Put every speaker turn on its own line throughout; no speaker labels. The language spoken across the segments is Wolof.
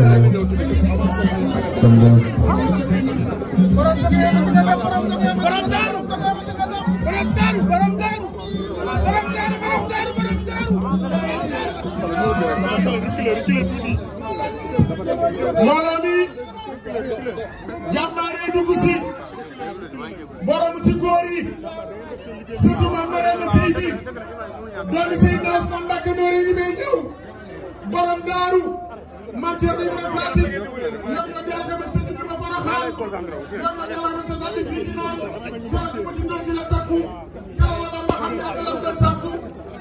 mbooloo
mi jàmbaare dugg si
borom si góor yi surtout ma Marème Sey bi doomi Seydina Ousmane Mbacké Noreyni bi ñëw borom daaru Ceerno Ibrahima Fati yow nga dee nga ma sëñ bi ma baraxaan yow nga
dee ma sëñ bi fii
di naan keroog bu ma dindoo ci la takku keroog la ba ma xam ne ak lam
doon sàkku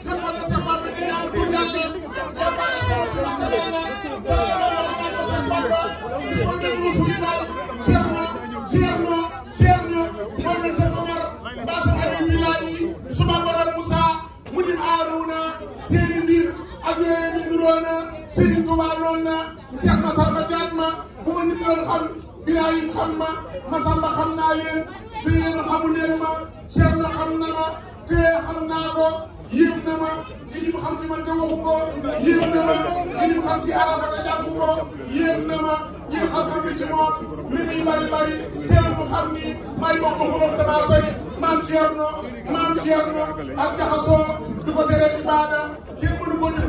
fekkoon na sax maam bi di ñaan pour ñaan leen
yow maa ngi sama ci maam bi la
keroog la ba ma xam ne sax maam ba bis ma ne mu suñu daal Ceerno Ceerno Ceerno mooy ne sa Omar mbaa sa ay wilaay yi su ma waral Moussa
mu di Aarouna seen mbir ak yooyu ñu duroona Serigne Touba lool na Cheikh Massamba jaat ma bu ma nit doon xam Birahim xam ma Massamba xam naa leen te yéen xamu leen ma Cheikh na xam na ma te xam naa ma li ñu xam ci man te waxu ko yéem na ma li ñu xam ci arab ak jàngu ko yéem na ma xam-xam bi ci moom li muy bari bari teel mu xam ni may bokk xulóom damaa sori maam Thierno maam Thierno ak jaxasoo du ko tere ibaada kenn mënu ko def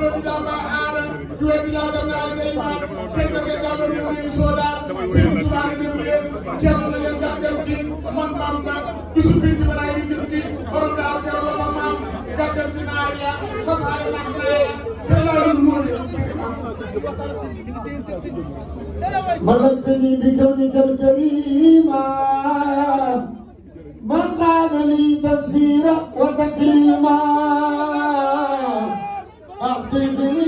loolu juróom bi daal naa leen day maal seen dëkk yi daal doon ñu soodaa seen tubaab yi dem leen jéem na leen daal dem ci man maam na bisu bii ci balaay di jëm ci borom daal keroog la sa maam gàttal ci naar ya tasaare nag naa ya teelal muur
ملكتني بكونك الكريم من كان لي تفسيرا وتكريما أعطيتني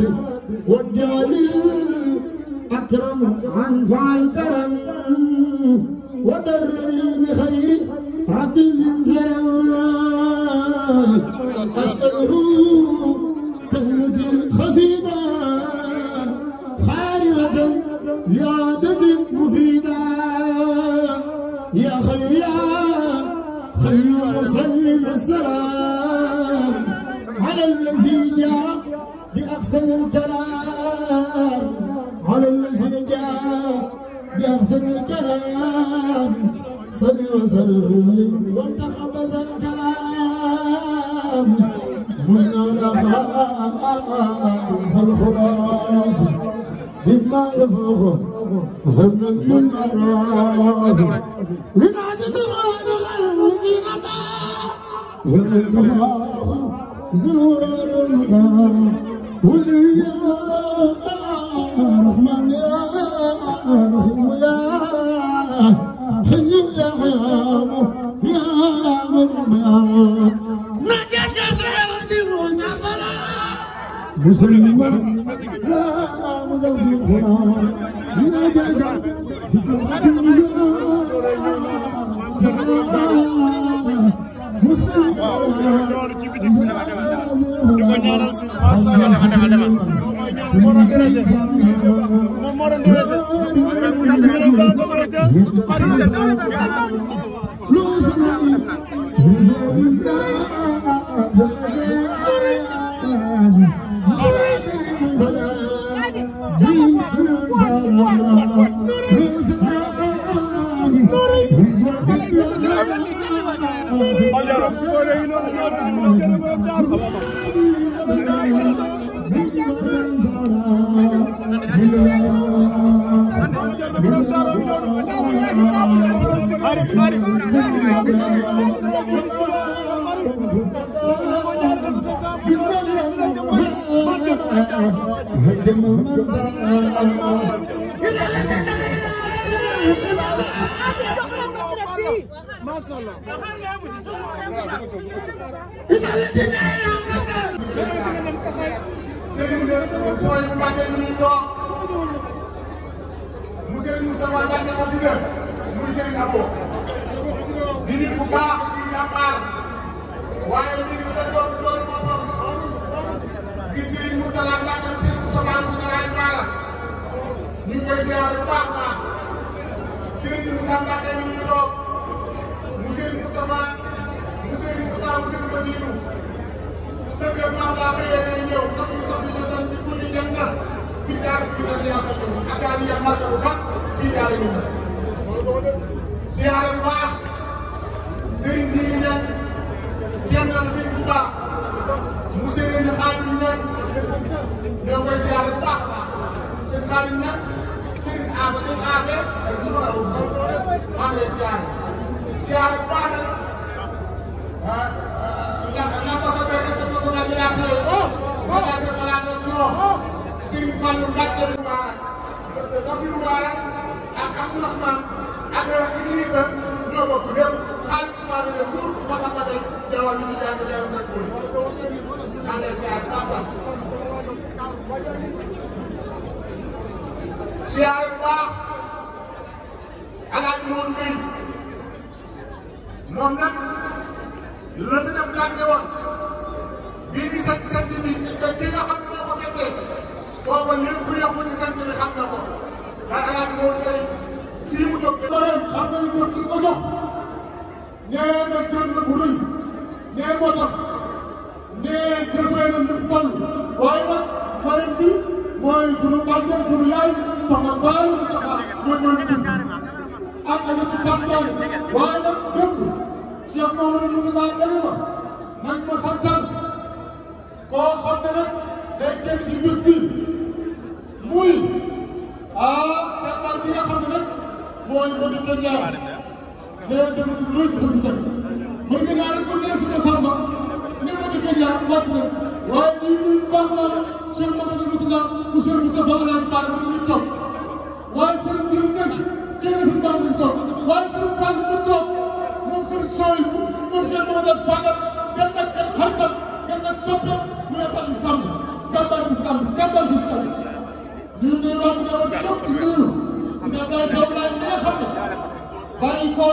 الرد والجال الأكرم عن فعل كرم ودرني بخير عدل سلام بأحسن الكلام على الذي جاء بأحسن الكلام صل وسلم وانتخب الكلام من نفاس الخراف بما يفوق ظنا من مراه من عزم الغالب الذي نفاه ومن كفاه زور المدار ولي يا رحمن يا رحيم يا حي يا مر يا مر نجاك مسلما لا مزوج هنا waroon di rëdd ndax ñu ne ko bëgg rëdd par une Thank you. be borom daara bi noonu bari bari
Sëriñ bi fooy mbàkke ñu toog mu Serigne Moussa Wade Mbacke xasida muy Serigne Abo di nit bu baax di jàmbaar waaye mbir mi dañ doon doon boppam gis Serigne Mourtala Mbacke mu Serigne Moussa Wade suñu rajo Baara ñu koy ziar bu baax baax Serigne Moussa Mbacke mi ñu toog mu Serigne Moussa Wade mu Serigne Moussa mu Serigne Basirou sa kër maam daa xëyee day ñëw xam ni sax ñu dem di kulli dem na. fii daal di gis rek yaa sa tool ataaliya marka bu mag fii daal di ñëw. siyaare bu baax
Serigne Ndiéli ñan
kenn la Serigne Touba
mu Serigne Khadim ñan
ñoo koy siyaare bu baax a baax
Serigne Khadim ñan Serigne Afe Serigne Afe ak Souma Awa Bousso maa ngi lay siyaare siyaare bu baax nag ah.
Serigne Fallou Mbacke Moubarak Bassirou Moubarak ak Abdourahmane ak Idrissa ñoo bokk lépp xaalis baa ngi ne pour Masakate jaww ji ci jàng jaww nañ ko maa ngi lay siyaar nee na kër la nee moo nee jëfee na lim toll waaye nag marine bi mooy sunu bàjjen sunu yaay soxna Baay Moustapha ñoom ñoo ñu gis ak ay yëpp santaane
waaye nag démb Cheikh Mamadou Moussa dëgg ma nañ ma santal koo xam ne nag day génn ci bis bi muy ah jàmbaar bi nga xam ne nag mooy Mody Kenya day dem ci rëy bu ñu teg mën nga ñaareel ba léegi suñu samba ni ma defee jaar wàcc na waaye
ñuy nuyu baax naa Cheikh Mamadou Moussa monsieur Moustapha Alain Paar mu ngi toog waaye seen biir nekk keneen si baax mu ngi toog waaye seen baax mu toog moom seen sooy moom Cheikh Mamadou Fadal dem nag ak xaritam dem nag soppe mu ne baax sàmm jàmbaar bi sàmm jàmbaar bi sàmm ñu ngi nuyu wax nga war a toog di nuyu. ndax day doom laay mën a xam ne bàyyi koo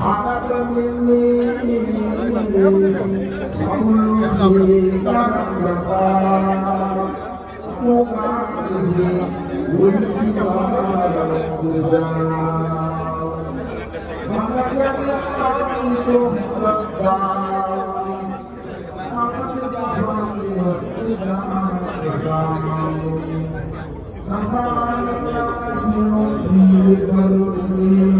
عربا للميل وكل شيء مصار مبارزي والجوار مخبزار ملكت الأرض والدار نهار الله يحيي الأرض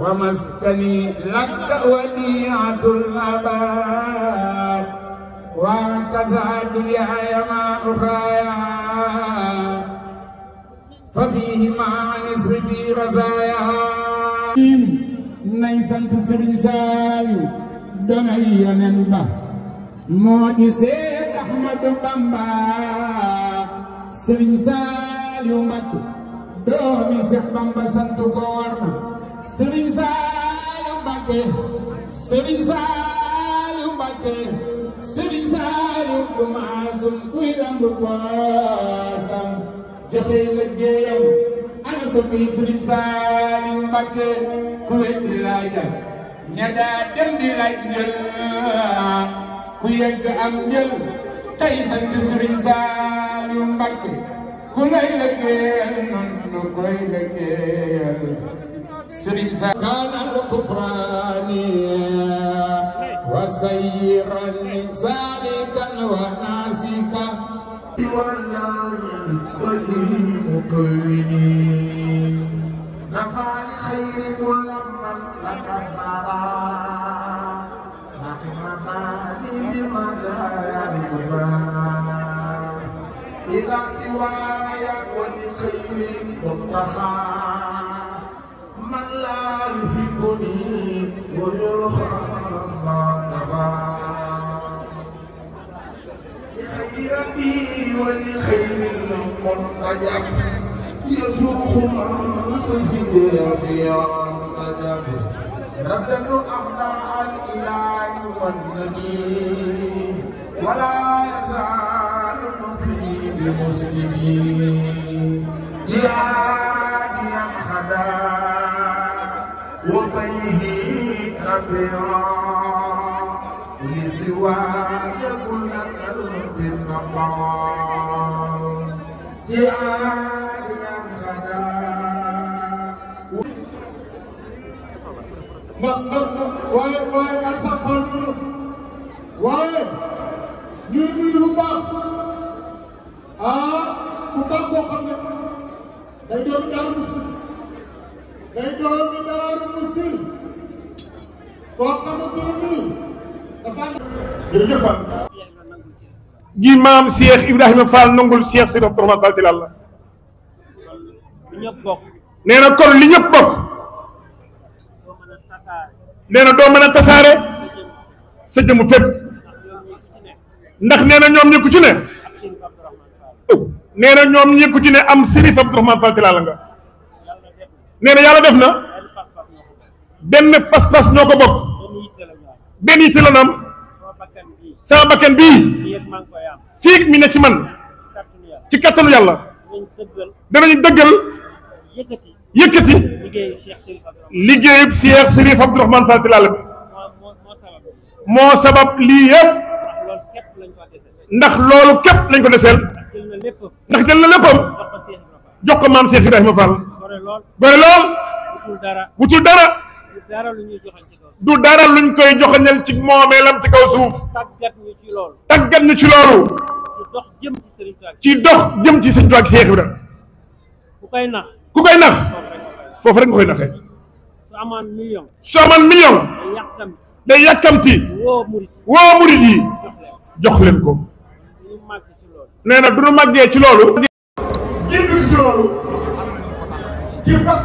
ومسكني لك وديعة الأباد وكذا دنياي ما أخايا ففيهما عن اسرفي رزايا nay sant Sëriñ Saaliw donay yeneen ba moo di seet Ahmadu Bamba Sëriñ Saaliw Mbàkke doomi Seex Bamba sant ko war na Serigne Saliou Mbacké Serigne Saliou Mbacké Serigne Saliou du maasum kuy randu ku wet di ña daa dem di lay njël ku yegg am njël tey sant Serigne Saliou Mbacké ku lay liggéeyal noonu koy liggéeyal سري كان كفراني وسيرا سالكا وناسكا والله وجهي مكرمين نفع لخير كل من تكبرا لكن مالي بما لا يرجى إذا سواي ولخير متخا من لا يحبني ويرحم لخير ربي ولخير المنتجب يسوق من سجد في عقدب ردد أبداع الإله والنبي ولا يزال نقي بمسلمين جهاد كبيرا لسواي كل قلب نقى جعاليا غدا
waay waay Alpha Fall Ndourou waaye ñuy nuyu bu baax ah ku baax koo xam ne day doon Daaru Muxti day doon Daaru Muxti jërëjëf Fall maam Cheikh Ibrahima Fall nangul Cheikh si docteur Fall Tilal la nee na kon li ñëpp bokk nee na doo mën a tasaare sa jëmu fépp ndax nee na ñoom ñi ku ci ne oh, nee na ñoom ñi ku ci ne am sirif la nga nee yàlla def na benn pas-pas ñoo ko bokk. benn yitte la am bi bakkan bii fiig mi ne ci man ci kattanu yàlla danañ dëggal yëkkati liggéeyub Cheikh Chérif Abdourahmane Fall Tilala bi moo sabab lii yëpp ndax loolu képp lañ ko deseel ndax jël na léppam jox ko maam Cheikh Ibrahima Fall gore lool wutul dara wutul dara du dara luñ koy joxañal ci moomeelam ci kaw suuf. tàggat ñu ci loolu. tàggat ñu ci loolu. ci dox jëm ci sëriñ Tuubaa. ci dox jëm ci sëriñ Tuubaa ak Seex Ibra. ku koy nax. ku koy nax. foofu rek nga koy naxee. su amaan million. su day yàkkamti. day yàkkamti. woo murid yi jox leen ko. nee du nu màggee ci loolu. génn ci ci pas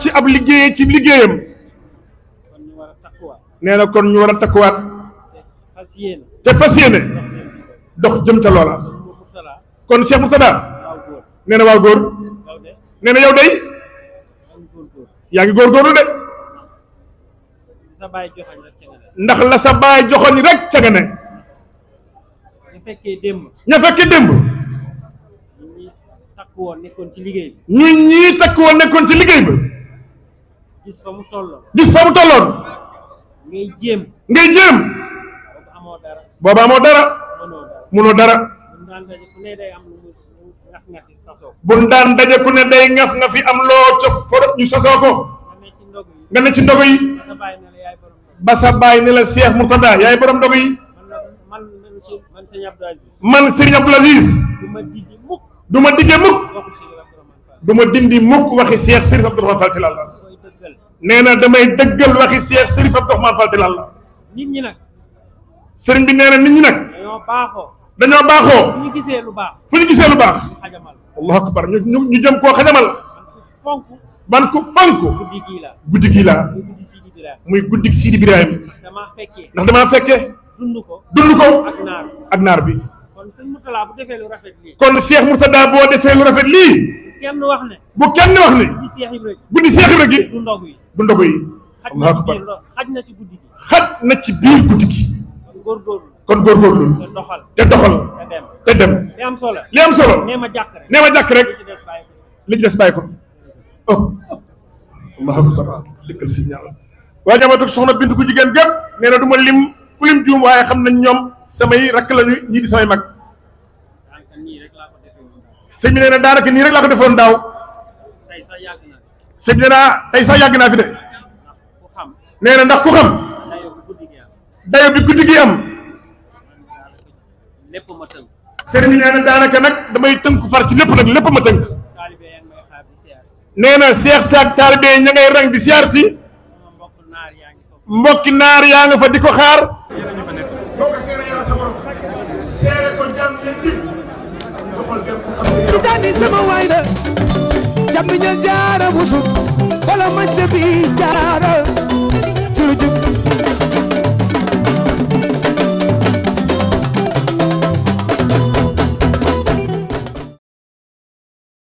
ci ab liggéey ci liggéeyam nee na kon ñu war a takkuwaat te fas yéene dox jëm ca loola kon Cheikh Murtada nee na waaw góor nee na yow day yaa ngi góorgóorlu de ndax la sa baay joxoñ rek ca nga ne ña fekkee démb takku woon nekkoon ci liggéey bi. ñun ñii takku woon nekkoon ci liggéey ba. gis fa mu tolloon.
gis fa mu tolloon.
ngay jéem. ngay jéem. booba amoo dara. booba dara. mënoo dara. buñ daan daje ku ne day ngaf nga fi am loo cof foro ñu sosoo ko. nga ne ci ndogu yi. ba ne la Cheikh Mourtada yaay borom ndogu yi. man Serigne Abdou Aziz. man du ma digge mukk du ma dindi mukk waxi Cheikh Sérif Abdourahmane Fall Tilala nee na damay dëggal waxi Cheikh Sérif Abdourahmane Fall Tilala nit ñi nag sëriñ bi nee na nit ñi nag dañoo baaxoo dañoo baaxoo fu ñu gisee lu baax fu ñu lu baax allahu akbar ñu ñu jëm koo xajamal man ko fonk guddi gii laa guddi gii laa muy guddi Sidi Birahim ndax damaa fekkee dund ko dund ko ak naar bi kon Cheikh Mourtada boo defee lu rafet lii. kenn wax ne.
bu kenn wax ne. guddi
Cheikh Ibra gi guddi Cheikh Ibra gi. bu ndogu yi du ndogu yi. xaj na ci guddi gi na ci biir guddi gi.
kon góorgóorlu.
te doxal te doxal. te dem li am solo li am solo. nee ma jàkk rek nee ma jàkk rek. li ci des bàyyi ko. oh. allahu akbar dëkkal waaye jamatug soxna Bintu ku jigéen gépp nee na du ma lim ku lim juum waaye xam nañ ñoom samay rakk lañu ñii di samay mag. sëñ bi nee na daanaka nii rek la ko defoon daaw sëñ bi nee naa naa fi de nee na ndax ku xam dayo bi guddi gi am sëriñ bi nee na daanaka nag damay tënk far ci lépp nag lépp ma tënk nee na seex saak taalibe ña ngay rang di siyaar si mbokki naar yaa nga fa di ko xaar Modou Kani sama waay la jàmm ñal jaara busub wala mañ se bi jaara